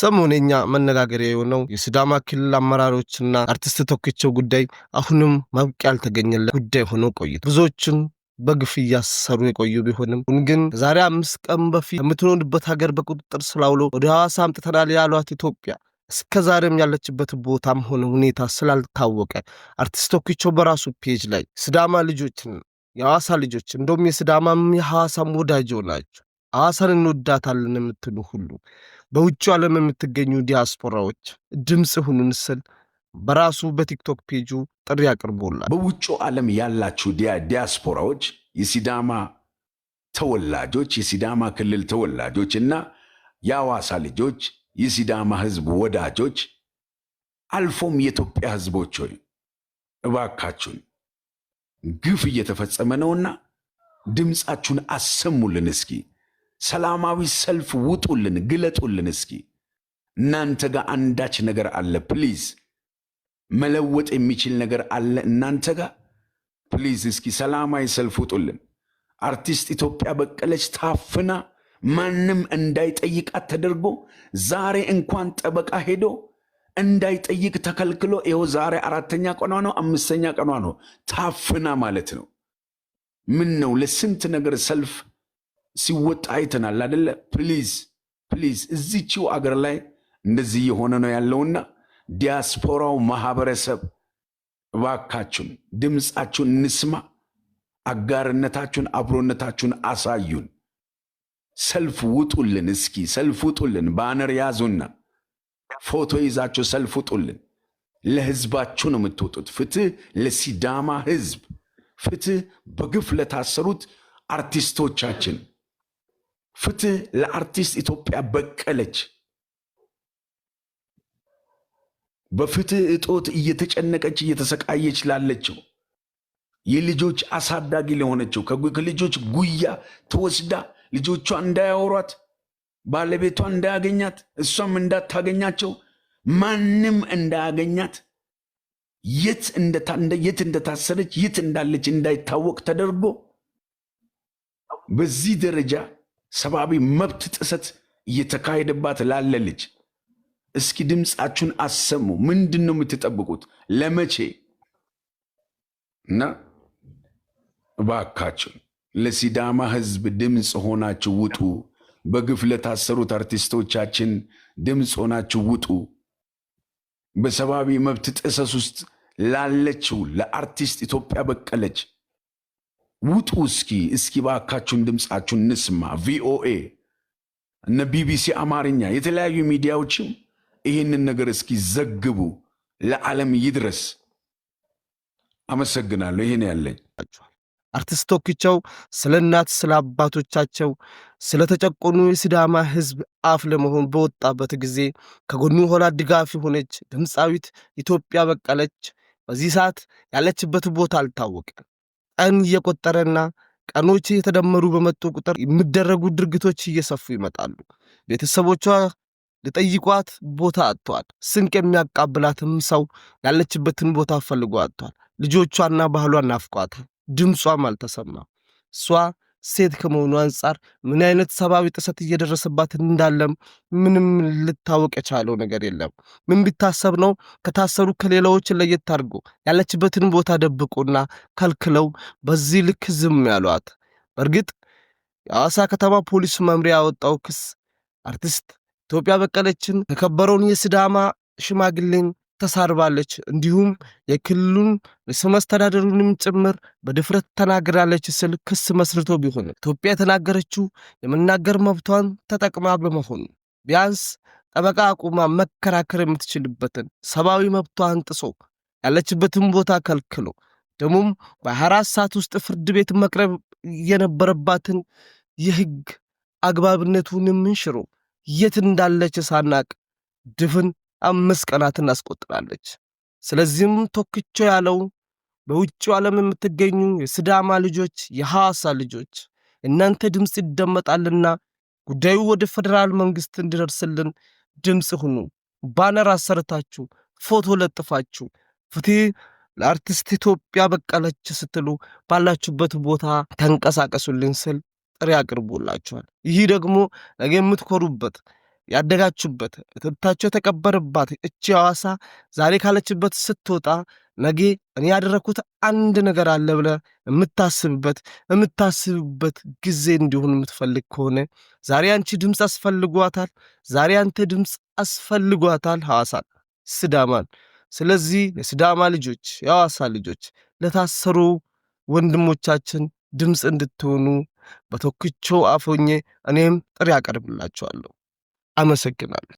ሰሞነኛ መነጋገሪያ የሆነው የሲዳማ ክልል አመራሮችና አርቲስት ቶክቻው ጉዳይ አሁንም ማብቂያ ያልተገኘለት ጉዳይ ሆኖ ቆይቷል። ብዙዎችን በግፍ እያሰሩ የቆዩ ቢሆንም ግን ከዛሬ አምስት ቀን በፊት የምትኖርበት ሀገር በቁጥጥር ስር አውሎ ወደ ሐዋሳ አምጥተናል ያሏት ኢትዮጵያ እስከ ዛሬም ያለችበት ቦታም ሆነ ሁኔታ ስላልታወቀ አርቲስት ቶክቻው በራሱ ፔጅ ላይ ሲዳማ ልጆችን የሐዋሳ ልጆች እንደውም የሲዳማም የሐዋሳም ወዳጅ ናቸው ሐዋሳን እንወዳታለን የምትሉ ሁሉ በውጭ ዓለም የምትገኙ ዲያስፖራዎች ድምፅ ሁኑን ስል በራሱ በቲክቶክ ፔጁ ጥሪ አቅርቦላል። በውጭ ዓለም ያላችሁ ዲያስፖራዎች፣ የሲዳማ ተወላጆች፣ የሲዳማ ክልል ተወላጆች እና የአዋሳ ልጆች፣ የሲዳማ ህዝብ ወዳጆች፣ አልፎም የኢትዮጵያ ህዝቦች ሆይ እባካችሁን ግፍ እየተፈጸመ ነውና ድምፃችሁን አሰሙልን እስኪ ሰላማዊ ሰልፍ ውጡልን፣ ግለጡልን። እስኪ እናንተ ጋር አንዳች ነገር አለ፣ ፕሊዝ መለወጥ የሚችል ነገር አለ እናንተ ጋር ፕሊዝ። እስኪ ሰላማዊ ሰልፍ ውጡልን። አርቲስት ኢትዮጵያ በቀለች ታፍና ማንም እንዳይጠይቃት ተደርጎ ዛሬ እንኳን ጠበቃ ሄዶ እንዳይጠይቅ ተከልክሎ ይኸው ዛሬ አራተኛ ቀኗ ነው፣ አምስተኛ ቀኗ ነው ታፍና ማለት ነው። ምን ነው ለስንት ነገር ሰልፍ ሲወጣ አይተናል አደለ? ፕሊዝ ፕሊዝ፣ እዚችው አገር ላይ እንደዚህ እየሆነ ነው ያለውና ዲያስፖራው ማህበረሰብ እባካችሁን ድምፃችሁን እንስማ። አጋርነታችሁን፣ አብሮነታችሁን አሳዩን። ሰልፍ ውጡልን፣ እስኪ ሰልፍ ውጡልን። ባነር ያዙና ፎቶ ይዛችሁ ሰልፍ ውጡልን። ለህዝባችሁ ነው የምትወጡት። ፍትህ ለሲዳማ ህዝብ፣ ፍትህ በግፍ ለታሰሩት አርቲስቶቻችን ፍትህ ለአርቲስት ኢትዮጵያ በቀለች። በፍትህ እጦት እየተጨነቀች እየተሰቃየች ላለችው የልጆች አሳዳጊ ለሆነችው ከልጆች ጉያ ተወስዳ ልጆቿ እንዳያወሯት ባለቤቷ እንዳያገኛት እሷም እንዳታገኛቸው ማንም እንዳያገኛት የት እንደታሰረች የት እንዳለች እንዳይታወቅ ተደርጎ በዚህ ደረጃ ሰብአዊ መብት ጥሰት እየተካሄደባት ላለ ልጅ እስኪ ድምፃችሁን አሰሙ። ምንድን ነው የምትጠብቁት? ለመቼ እና እባካችን ለሲዳማ ህዝብ ድምፅ ሆናችሁ ውጡ። በግፍ ለታሰሩት አርቲስቶቻችን ድምፅ ሆናችሁ ውጡ። በሰብአዊ መብት ጥሰት ውስጥ ላለችው ለአርቲስት ኢትዮጵያ በቀለች ውጡ እስኪ እስኪ ባካችሁን ድምፃችሁን እንስማ። ቪኦኤ እነ ቢቢሲ አማርኛ የተለያዩ ሚዲያዎችም ይህንን ነገር እስኪ ዘግቡ፣ ለዓለም ይድረስ። አመሰግናለሁ። ይህን ያለኝ አርቲስት ቶክቻው ስለ እናት ስለ አባቶቻቸው ስለ ተጨቆኑ የሲዳማ ሕዝብ አፍ ለመሆን በወጣበት ጊዜ ከጎኑ ሆና ድጋፍ የሆነች ድምፃዊት ኢትዮጵያ በቀለች በዚህ ሰዓት ያለችበት ቦታ አልታወቀም። ቀን እየቆጠረና ቀኖች እየተደመሩ በመጡ ቁጥር የሚደረጉ ድርጊቶች እየሰፉ ይመጣሉ። ቤተሰቦቿ ለጠይቋት ቦታ አጥቷል። ስንቅ የሚያቃብላትም ሰው ያለችበትን ቦታ ፈልጎ አጥቷል። ልጆቿና ባህሏ ናፍቋታል። ድምጿም አልተሰማም። እሷ ሴት ከመሆኑ አንጻር ምን አይነት ሰብአዊ ጥሰት እየደረሰባት እንዳለም ምንም ልታወቅ የቻለው ነገር የለም። ምን ቢታሰብ ነው ከታሰሩ ከሌላዎች ለየት አድርጎ ያለችበትን ቦታ ደብቆና ከልክለው በዚህ ልክ ዝም ያሏት? በእርግጥ የሐዋሳ ከተማ ፖሊስ መምሪያ ያወጣው ክስ አርቲስት ኢትዮጵያ በቀለችን የከበረውን የስዳማ ሽማግሌን ተሳርባለች። እንዲሁም የክልሉን ርዕሰ መስተዳደሩንም ጭምር በድፍረት ተናግራለች ስል ክስ መስርቶ ቢሆን ኢትዮጵያ የተናገረችው የመናገር መብቷን ተጠቅማ በመሆኑ ቢያንስ ጠበቃ አቁማ መከራከር የምትችልበትን ሰብአዊ መብቷን ጥሶ ያለችበትን ቦታ ከልክሎ ደግሞም በአራት ሰዓት ውስጥ ፍርድ ቤት መቅረብ የነበረባትን የህግ አግባብነቱንም ሽሮ የት እንዳለች ሳናቅ ድፍን አምስት ቀናትን አስቆጥራለች። ስለዚህም ቶክቾ ያለው በውጭ ዓለም የምትገኙ የስዳማ ልጆች፣ የሐዋሳ ልጆች እናንተ ድምፅ ይደመጣልና ጉዳዩ ወደ ፌዴራል መንግስት እንዲደርስልን ድምፅ ሁኑ። ባነር አሰርታችሁ፣ ፎቶ ለጥፋችሁ ፍትህ ለአርቲስት ኢትዮጵያ በቀለች ስትሉ ባላችሁበት ቦታ ተንቀሳቀሱልን ስል ጥሪ አቅርቦላችኋል። ይህ ደግሞ ነገ የምትኮሩበት ያደጋችሁበት ትብታችሁ የተቀበርባት እቺ ሐዋሳ ዛሬ ካለችበት ስትወጣ ነገ እኔ ያደረግኩት አንድ ነገር አለ ብለ የምታስብበት የምታስብበት ጊዜ እንዲሆን የምትፈልግ ከሆነ ዛሬ አንቺ ድምፅ አስፈልጓታል። ዛሬ አንተ ድምፅ አስፈልጓታል ሐዋሳን፣ ስዳማን። ስለዚህ የስዳማ ልጆች፣ የሐዋሳ ልጆች ለታሰሩ ወንድሞቻችን ድምፅ እንድትሆኑ በቶክቾ አፎኜ እኔም ጥሪ አቀርብላችኋለሁ። አመሰግናለሁ